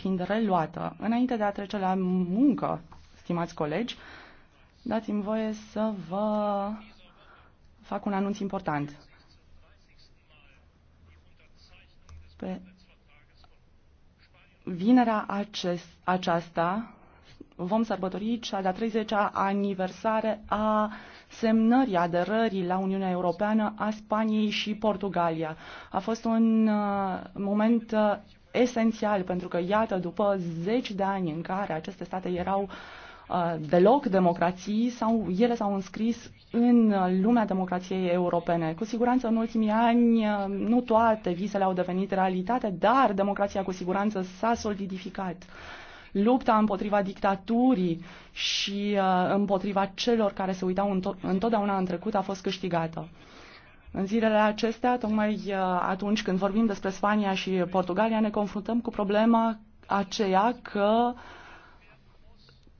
fiind reluată. Înainte de a trece la muncă, stimați colegi, dați-mi voie să vă fac un anunț important. Pe vinerea acest, aceasta, vom sărbători cea de-a 30-a aniversare a semnării aderării la Uniunea Europeană a Spaniei și Portugalia. A fost un uh, moment uh, esențial pentru că, iată, după zeci de ani în care aceste state erau uh, deloc democrații sau ele s-au înscris în lumea democrației europene. Cu siguranță în ultimii ani nu toate visele au devenit realitate, dar democrația cu siguranță s-a solidificat lupta împotriva dictaturii și uh, împotriva celor care se uitau întotdeauna în trecut a fost câștigată. În zilele acestea, tocmai uh, atunci când vorbim despre Spania și Portugalia, ne confruntăm cu problema aceea că uh,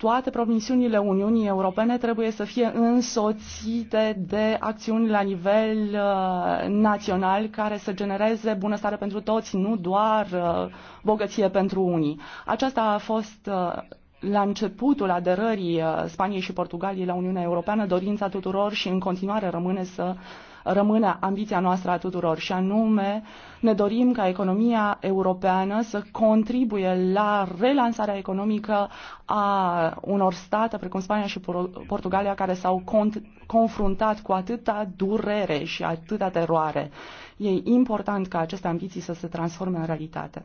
toate promisiunile Uniunii Europene trebuie să fie însoțite de acțiuni la nivel uh, național care să genereze bunăstare pentru toți, nu doar uh, bogăție pentru unii. Aceasta a fost uh, la începutul aderării uh, Spaniei și Portugaliei la Uniunea Europeană, dorința tuturor și în continuare rămâne să rămână ambiția noastră a tuturor și anume ne dorim ca economia europeană să contribuie la relansarea economică a unor state precum Spania și Portugalia care s-au confruntat cu atâta durere și atâta teroare. E important ca aceste ambiții să se transforme în realitate.